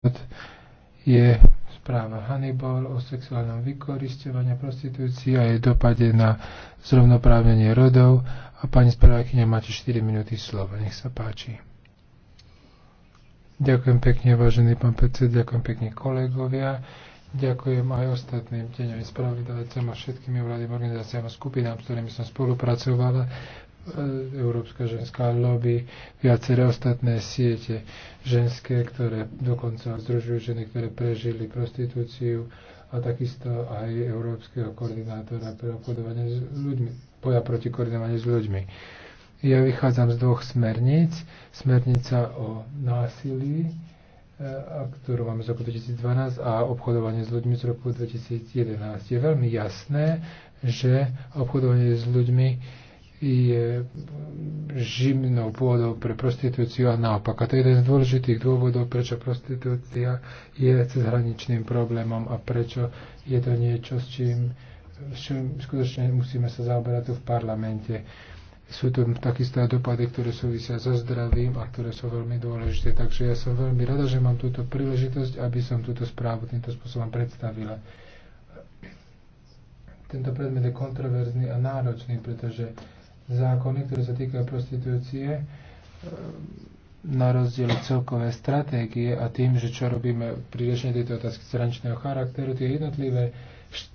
napríklad je správa Hannibal o sexuálnom vykoristovaní prostitúcii a jej dopade na zrovnoprávnenie rodov. A pani správakyňa, máte 4 minúty slova. Nech sa páči. Ďakujem pekne, vážený pán predsed, ďakujem pekne kolegovia. Ďakujem aj ostatným deňovým spravodajcom a všetkým vládnym organizáciám a skupinám, s ktorými som spolupracovala Európska ženská lobby, viaceré ostatné siete ženské, ktoré dokonca združujú ženy, ktoré prežili prostitúciu a takisto aj Európskeho koordinátora pre obchodovanie s ľuďmi, boja proti koordinovaniu s ľuďmi. Ja vychádzam z dvoch smerníc. Smernica o násilí, e, ktorú máme z roku 2012 a obchodovanie s ľuďmi z roku 2011. Je veľmi jasné, že obchodovanie s ľuďmi je živnou pôdou pre prostitúciu a naopak. A to je jeden z dôležitých dôvodov, prečo prostitúcia je cezhraničným problémom a prečo je to niečo, s čím, s čím skutočne musíme sa zaoberať tu v parlamente. Sú tu takisto aj dopady, ktoré súvisia so zdravím a ktoré sú veľmi dôležité. Takže ja som veľmi rada, že mám túto príležitosť, aby som túto správu týmto spôsobom predstavila. Tento predmet je kontroverzný a náročný, pretože zákony, ktoré sa týkajú prostitúcie, e, na rozdiel celkové stratégie a tým, že čo robíme pri riešení tejto otázky straničného charakteru, tie jednotlivé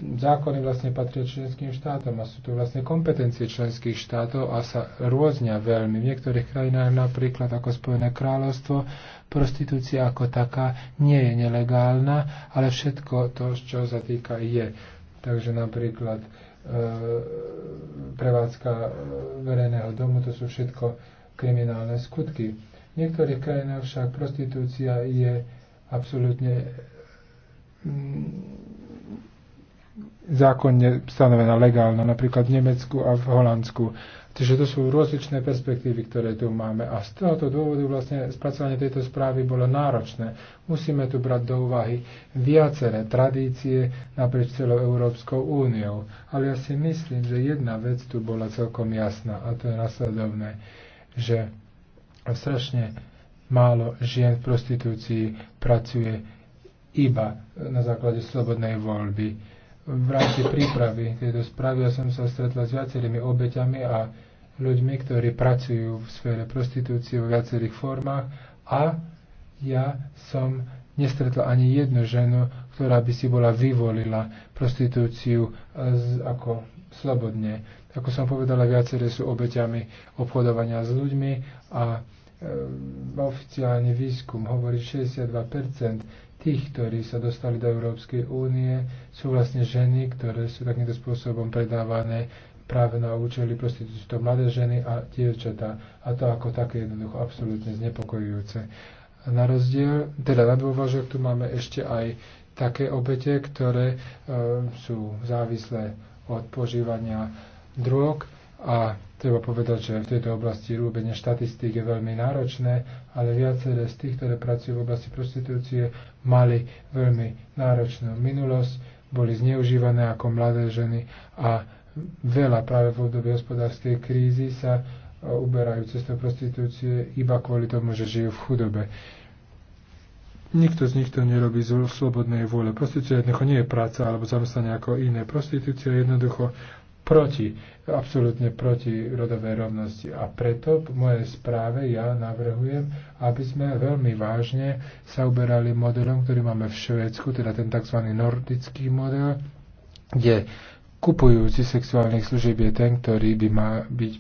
zákony vlastne patria členským štátom a sú to vlastne kompetencie členských štátov a sa rôznia veľmi. V niektorých krajinách, napríklad ako Spojené kráľovstvo, prostitúcia ako taká nie je nelegálna, ale všetko to, čo sa týka, je. Takže napríklad E, prevádzka e, verejného domu, to sú všetko kriminálne skutky. V niektorých krajinách však prostitúcia je absolútne mm, zákonne stanovená legálna, napríklad v Nemecku a v Holandsku. Čiže to sú rozličné perspektívy, ktoré tu máme. A z tohoto dôvodu vlastne spracovanie tejto správy bolo náročné. Musíme tu brať do úvahy viaceré tradície naprieč celou Európskou úniou. Ale ja si myslím, že jedna vec tu bola celkom jasná a to je nasledovné, že strašne málo žien v prostitúcii pracuje iba na základe slobodnej voľby v rámci prípravy tejto správy ja som sa stretla s viacerými obeťami a ľuďmi, ktorí pracujú v sfére prostitúcie vo viacerých formách a ja som nestretla ani jednu ženu, ktorá by si bola vyvolila prostitúciu e, z, ako slobodne. Ako som povedala, viaceré sú obeťami obchodovania s ľuďmi a e, oficiálny výskum hovorí že 62% tých, ktorí sa dostali do Európskej únie, sú vlastne ženy, ktoré sú takýmto spôsobom predávané práve na účely sú to mladé ženy a dievčatá. A to ako také jednoducho absolútne znepokojujúce. A na rozdiel, teda na dôvažok tu máme ešte aj také obete, ktoré e, sú závislé od požívania drog a Treba povedať, že v tejto oblasti rúbenie štatistík je veľmi náročné, ale viaceré z tých, ktoré pracujú v oblasti prostitúcie, mali veľmi náročnú minulosť, boli zneužívané ako mladé ženy a veľa práve v období hospodárskej krízy sa e, uberajú cestou prostitúcie iba kvôli tomu, že žijú v chudobe. Nikto z nich to nerobí z slobodnej vôle. Prostitúcia jednoducho nie je práca alebo zamestnanie ako iné. Prostitúcia jednoducho proti, absolútne proti rodovej rovnosti. A preto v mojej správe ja navrhujem, aby sme veľmi vážne sa uberali modelom, ktorý máme v Švédsku, teda ten tzv. nordický model, kde kupujúci sexuálnych služieb je ten, ktorý by mal byť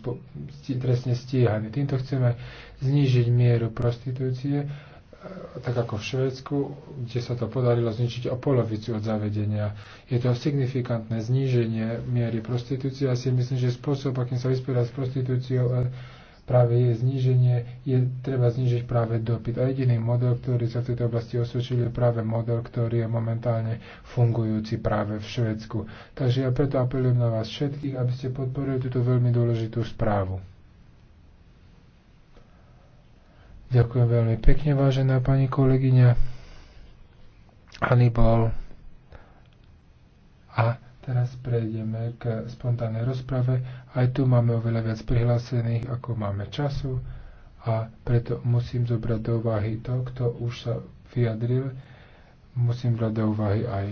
trestne stíhaný. Týmto chceme znížiť mieru prostitúcie tak ako v Švédsku, kde sa to podarilo zničiť o polovicu od zavedenia. Je to signifikantné zníženie miery prostitúcie. Ja si myslím, že spôsob, akým sa vysporiadať s prostitúciou, e, práve je zníženie, je treba znížiť práve dopyt. A jediný model, ktorý sa v tejto oblasti osvedčil, je práve model, ktorý je momentálne fungujúci práve v Švedsku. Takže ja preto apelujem na vás všetkých, aby ste podporili túto veľmi dôležitú správu. Ďakujem veľmi pekne, vážená pani kolegyňa Hannibal. A teraz prejdeme k spontánnej rozprave. Aj tu máme oveľa viac prihlásených, ako máme času a preto musím zobrať do úvahy to, kto už sa vyjadril. Musím brať do úvahy aj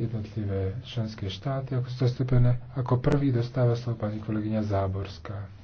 jednotlivé členské štáty, ako sú zastúpené. Ako prvý dostáva slovo pani kolegyňa Záborská.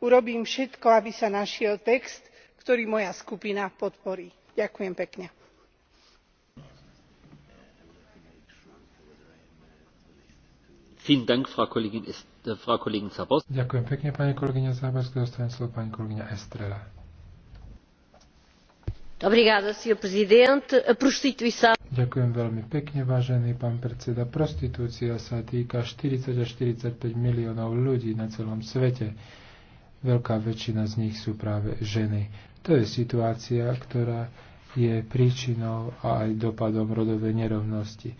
urobím všetko aby sa našiel text ktorý moja skupina podporí. ďakujem pekne. Äh, ďakujem pekne, pani kolegyňa slovo pani Estrela. Ďakujem veľmi pekne, vážený pán predseda. Prostitúcia sa týka 40 až 45 miliónov ľudí na celom svete Veľká väčšina z nich sú práve ženy. To je situácia, ktorá je príčinou a aj dopadom rodovej nerovnosti.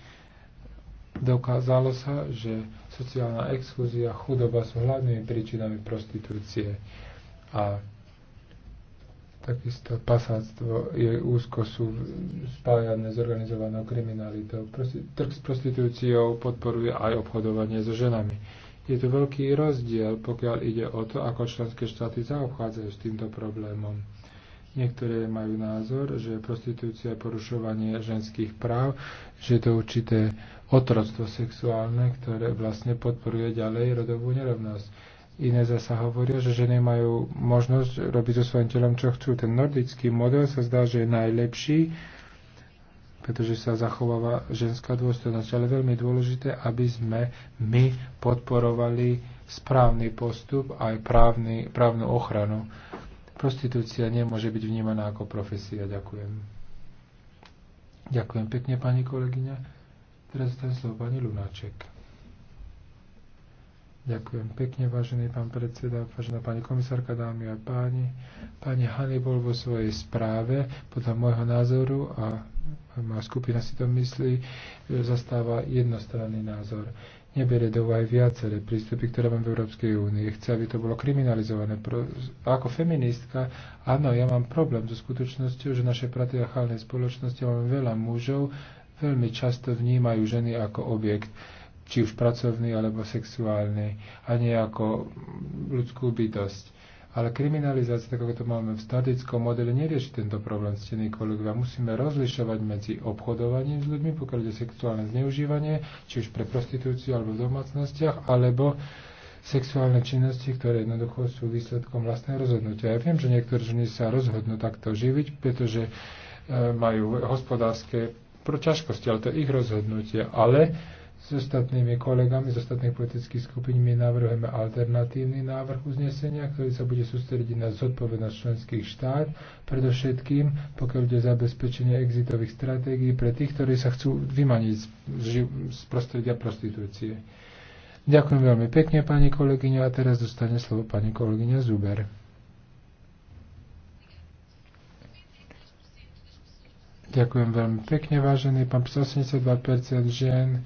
Dokázalo sa, že sociálna exkluzia, chudoba sú hlavnými príčinami prostitúcie a takisto pasáctvo je úzko sú spájane s organizovanou kriminalitou. Trh s prostitúciou podporuje aj obchodovanie so ženami je tu veľký rozdiel, pokiaľ ide o to, ako členské štáty zaobchádzajú s týmto problémom. Niektoré majú názor, že prostitúcia je porušovanie ženských práv, že je to určité otroctvo sexuálne, ktoré vlastne podporuje ďalej rodovú nerovnosť. Iné zasa hovoria, že ženy majú možnosť robiť so svojím telom, čo chcú. Ten nordický model sa zdá, že je najlepší, pretože sa zachováva ženská dôstojnosť. Ale veľmi dôležité, aby sme my podporovali správny postup a aj právny, právnu ochranu. Prostitúcia nemôže byť vnímaná ako profesia. Ďakujem. Ďakujem pekne, pani kolegyňa. Teraz ten slovo pani Lunáček. Ďakujem pekne, vážený pán predseda, vážená pani komisárka, dámy a páni. Pani Hannibal vo svojej správe, podľa môjho názoru a má skupina si to myslí, zastáva jednostranný názor. Nebere do aj viaceré prístupy, ktoré mám v Európskej únii. Chce, aby to bolo kriminalizované. Ako feministka, áno, ja mám problém so skutočnosťou, že naše patriarchálne spoločnosti máme veľa mužov, veľmi často vnímajú ženy ako objekt či už pracovný alebo sexuálny, a nie ako ľudskú bytosť. Ale kriminalizácia, tak ako to máme v statickom modele, nerieši tento problém, stení kolegovia. Musíme rozlišovať medzi obchodovaním s ľuďmi, pokiaľ je sexuálne zneužívanie, či už pre prostitúciu alebo v domácnostiach, alebo sexuálne činnosti, ktoré jednoducho sú výsledkom vlastného rozhodnutia. Ja viem, že niektorí ženy sa rozhodnú takto živiť, pretože e, majú hospodárske ťažkosti, ale to je ich rozhodnutie. Ale s ostatnými kolegami z ostatných politických skupín my navrhujeme alternatívny návrh uznesenia, ktorý sa bude sústrediť na zodpovednosť členských štát, predovšetkým pokiaľ ide zabezpečenie exitových stratégií pre tých, ktorí sa chcú vymaniť z, prostredia prostitúcie. Ďakujem veľmi pekne, pani kolegyňa, a teraz dostane slovo pani kolegyňa Zuber. Ďakujem veľmi pekne, vážený pán 82% žien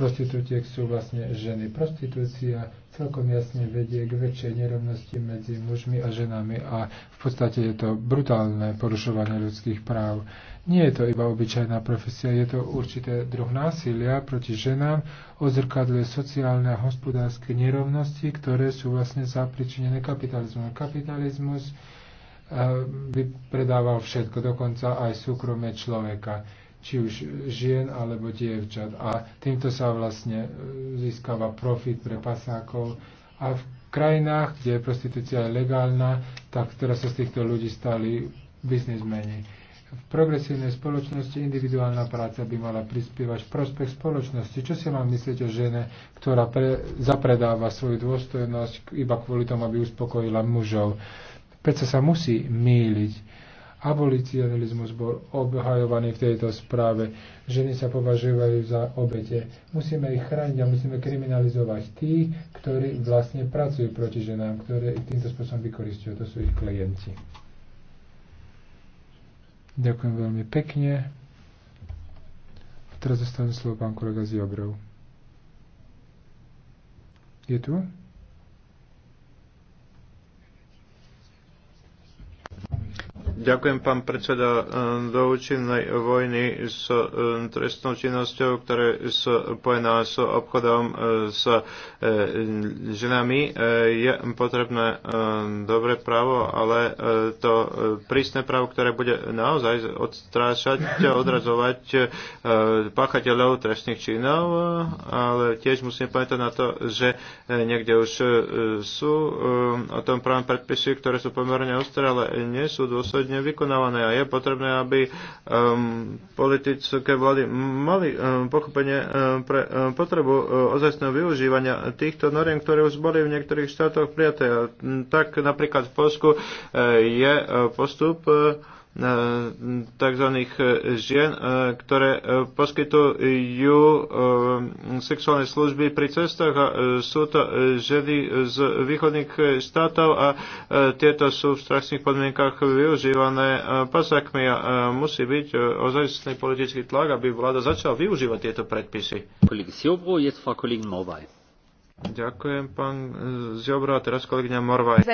prostitútiek sú vlastne ženy. Prostitúcia celkom jasne vedie k väčšej nerovnosti medzi mužmi a ženami a v podstate je to brutálne porušovanie ľudských práv. Nie je to iba obyčajná profesia, je to určité druh násilia proti ženám, ozrkadľuje sociálne a hospodárske nerovnosti, ktoré sú vlastne zapričinené kapitalizmom. Kapitalizmus by eh, predával všetko, dokonca aj súkromie človeka či už žien alebo dievčat. A týmto sa vlastne e, získava profit pre pasákov. A v krajinách, kde prostitúcia je legálna, tak teraz sa z týchto ľudí stali biznismeni. V progresívnej spoločnosti individuálna práca by mala prispievať v prospech spoločnosti. Čo si mám myslieť o žene, ktorá pre, zapredáva svoju dôstojnosť iba kvôli tomu, aby uspokojila mužov? Prečo sa musí míliť? Abolicionalizmus bol obhajovaný v tejto správe. Ženy sa považujú za obete. Musíme ich chrániť a musíme kriminalizovať tých, ktorí vlastne pracujú proti ženám, ktoré ich týmto spôsobom vykoristujú. To sú ich klienti. Ďakujem veľmi pekne. teraz zostane slovo pán kolega Ziobrov. Je tu? Ďakujem, pán predseda. Ehm, do účinnej vojny s ehm, trestnou činnosťou, ktoré sú spojená s obchodom ehm, s ženami, je potrebné dobré právo, ale to prísne právo, ktoré bude naozaj odstrášať, odrazovať páchateľov trestných činov, ale tiež musíme pamätať na to, že niekde už sú o tom právom predpisy, ktoré sú pomerne ostré, ale nie sú dôsledne efektívne vykonávané a je potrebné, aby um, politické vlády mali um, pochopenie um, pre um, potrebu um, ozajstného využívania týchto noriem, ktoré už boli v niektorých štátoch prijaté. Tak napríklad v Polsku um, je uh, postup um, Eh, tzv. Eh, žien, eh, ktoré poskytujú sexuálne služby pri cestách a sú to ženy z východných štátov a tieto sú v strašných podmienkach využívané pasakmi a musí byť ozajstný politický tlak, aby vláda začala využívať tieto predpisy. Kolega Siobro, jetzt Frau kolegen Morvaj. Ďakujem, pán eh, Ziobro. A teraz kolegyňa Morvaj.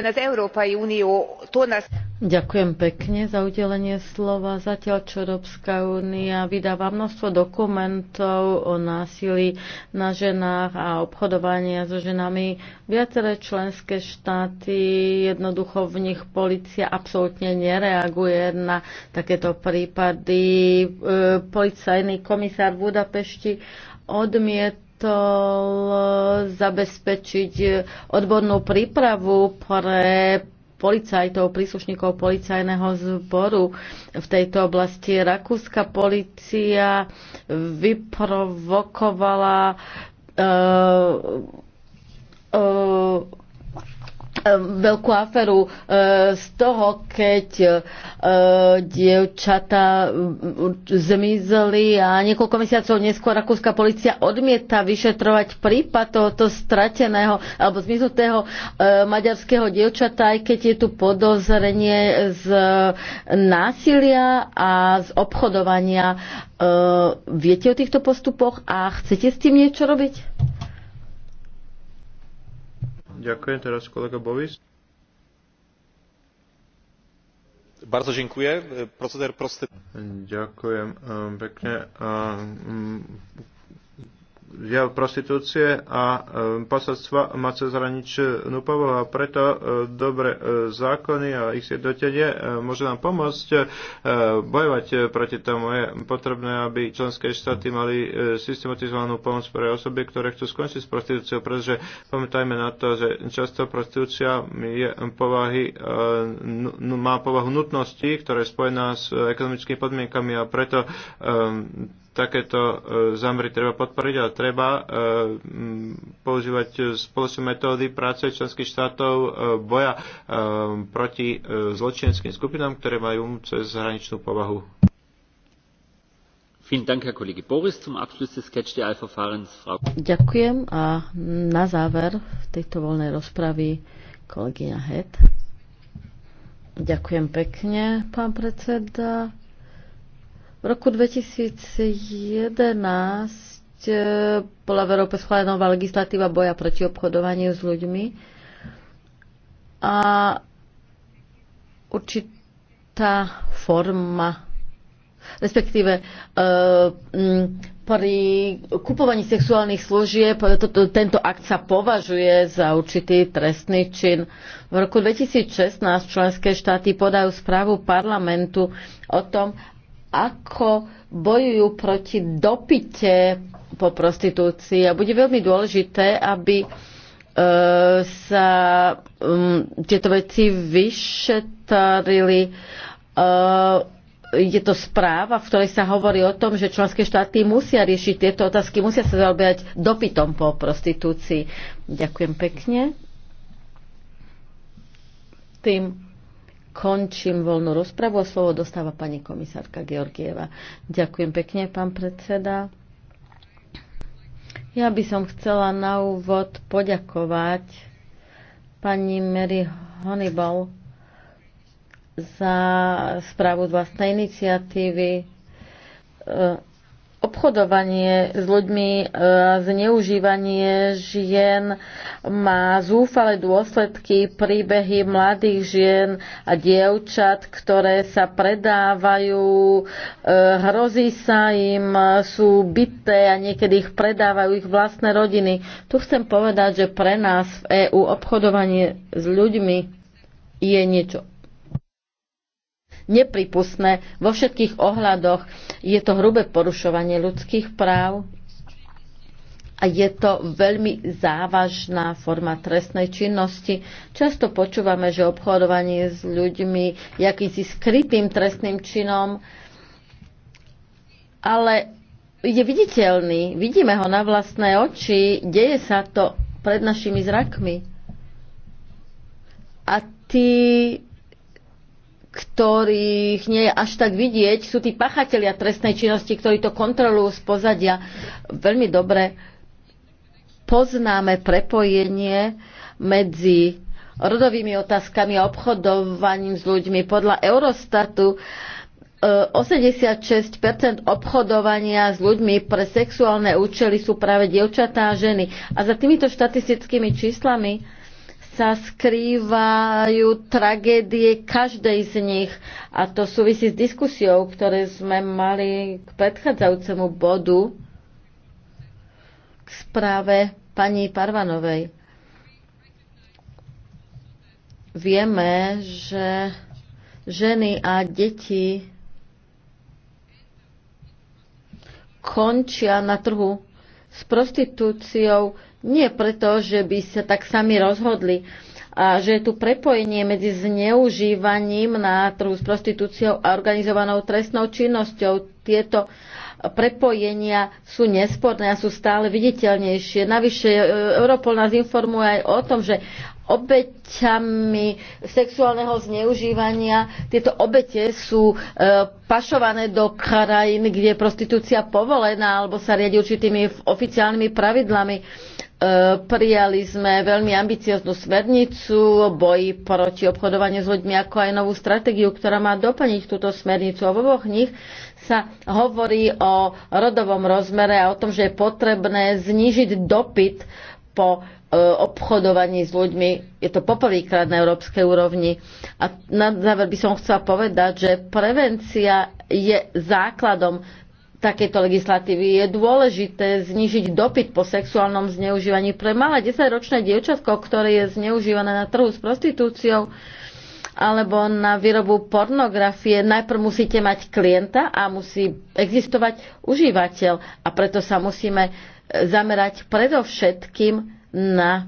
Ďakujem pekne za udelenie slova. Zatiaľ, čo Európska únia vydáva množstvo dokumentov o násilí na ženách a obchodovania so ženami, viaceré členské štáty, jednoducho v nich policia absolútne nereaguje na takéto prípady. Eh, policajný komisár v Budapešti odmiet odmietol eh, zabezpečiť eh, odbornú prípravu pre policajtov, príslušníkov policajného zboru v tejto oblasti. Rakúska policia vyprovokovala uh, uh, veľkú aferu e, z toho, keď e, dievčata zmizli a niekoľko mesiacov neskôr rakúska policia odmieta vyšetrovať prípad tohoto strateného alebo zmiznutého e, maďarského dievčata, aj keď je tu podozrenie z násilia a z obchodovania. Viete o týchto postupoch a chcete s tým niečo robiť? Ďakujem teraz kolega Bovis. Bardzo dziękuję. Proceder prosty. Ďakujem ehm, pekne mm, jav prostitúcie a e, posadstva má cezhraničnú povahu a preto e, dobre e, zákony a ich sjednotenie môže nám pomôcť bojovať proti tomu. Je potrebné, aby členské štáty mali systematizovanú pomoc pre osoby, ktoré chcú skončiť s prostitúciou, pretože pamätajme na to, že často prostitúcia je povahy, má povahu nutnosti, ktorá je spojená s ekonomickými podmienkami a preto takéto e, zámery treba podporiť, ale treba e, používať spoločné metódy práce členských štátov e, boja proti zločineckým skupinám, ktoré majú cez hraničnú povahu. Ďakujem a na záver v tejto voľnej rozpravy kolegyňa Het. Ďakujem pekne, pán predseda. V roku 2011 eh, bola v Európe schválená nová legislatíva boja proti obchodovaniu s ľuďmi a určitá forma, respektíve eh, pri kupovaní sexuálnych služieb tento akt sa považuje za určitý trestný čin. V roku 2016 členské štáty podajú správu parlamentu o tom, ako bojujú proti dopite po prostitúcii. A bude veľmi dôležité, aby e, sa um, tieto veci vyšetrili. Uh, je to správa, v ktorej sa hovorí o tom, že členské štáty musia riešiť tieto otázky, musia sa zaoberať dopytom po prostitúcii. Ďakujem pekne. Tým Končím voľnú rozpravu a slovo dostáva pani komisárka Georgieva. Ďakujem pekne, pán predseda. Ja by som chcela na úvod poďakovať pani Mary Honeyball za správu z vlastnej iniciatívy e, obchodovanie s ľuďmi, e, zneužívanie žien má zúfale dôsledky príbehy mladých žien a dievčat, ktoré sa predávajú, e, hrozí sa im, sú bité a niekedy ich predávajú ich vlastné rodiny. Tu chcem povedať, že pre nás v EÚ obchodovanie s ľuďmi je niečo nepripustné vo všetkých ohľadoch. Je to hrubé porušovanie ľudských práv a je to veľmi závažná forma trestnej činnosti. Často počúvame, že obchodovanie s ľuďmi je akýmsi skrytým trestným činom, ale je viditeľný, vidíme ho na vlastné oči, deje sa to pred našimi zrakmi. A tí ktorých nie je až tak vidieť, sú tí pachatelia trestnej činnosti, ktorí to kontrolujú z pozadia. Veľmi dobre poznáme prepojenie medzi rodovými otázkami a obchodovaním s ľuďmi. Podľa Eurostatu 86 e, obchodovania s ľuďmi pre sexuálne účely sú práve dievčatá a ženy. A za týmito štatistickými číslami sa skrývajú tragédie každej z nich. A to súvisí s diskusiou, ktoré sme mali k predchádzajúcemu bodu k správe pani Parvanovej. Vieme, že ženy a deti končia na trhu s prostitúciou nie preto, že by sa tak sami rozhodli a že je tu prepojenie medzi zneužívaním na trhu s prostitúciou a organizovanou trestnou činnosťou. Tieto prepojenia sú nesporné a sú stále viditeľnejšie. Navyše e, Europol nás informuje aj o tom, že obeťami sexuálneho zneužívania. Tieto obete sú e, pašované do krajín, kde je prostitúcia povolená alebo sa riadi určitými oficiálnymi pravidlami. E, prijali sme veľmi ambicioznú smernicu o boji proti obchodovaniu s ľuďmi, ako aj novú stratégiu, ktorá má doplniť túto smernicu. A oboch nich sa hovorí o rodovom rozmere a o tom, že je potrebné znížiť dopyt po e, obchodovaní s ľuďmi. Je to poprvýkrát na európskej úrovni. A na záver by som chcela povedať, že prevencia je základom takéto legislatívy je dôležité znižiť dopyt po sexuálnom zneužívaní pre malé 10-ročné dievčatko, ktoré je zneužívané na trhu s prostitúciou alebo na výrobu pornografie. Najprv musíte mať klienta a musí existovať užívateľ a preto sa musíme zamerať predovšetkým na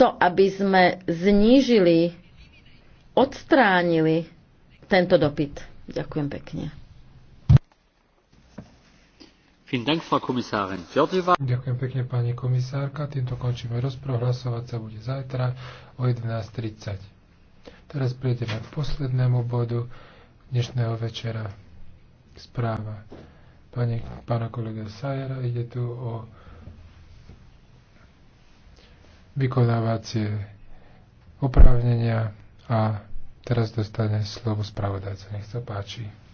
to, aby sme znížili, odstránili tento dopyt. Ďakujem pekne. Ďakujem pekne, pani komisárka. Týmto končíme rozpráv. Hlasovať sa bude zajtra o 11.30. Teraz prejdeme k poslednému bodu dnešného večera. Správa Pani pána kolega Sajera. Ide tu o vykonávacie oprávnenia a teraz dostane slovo spravodajca. Nech sa páči.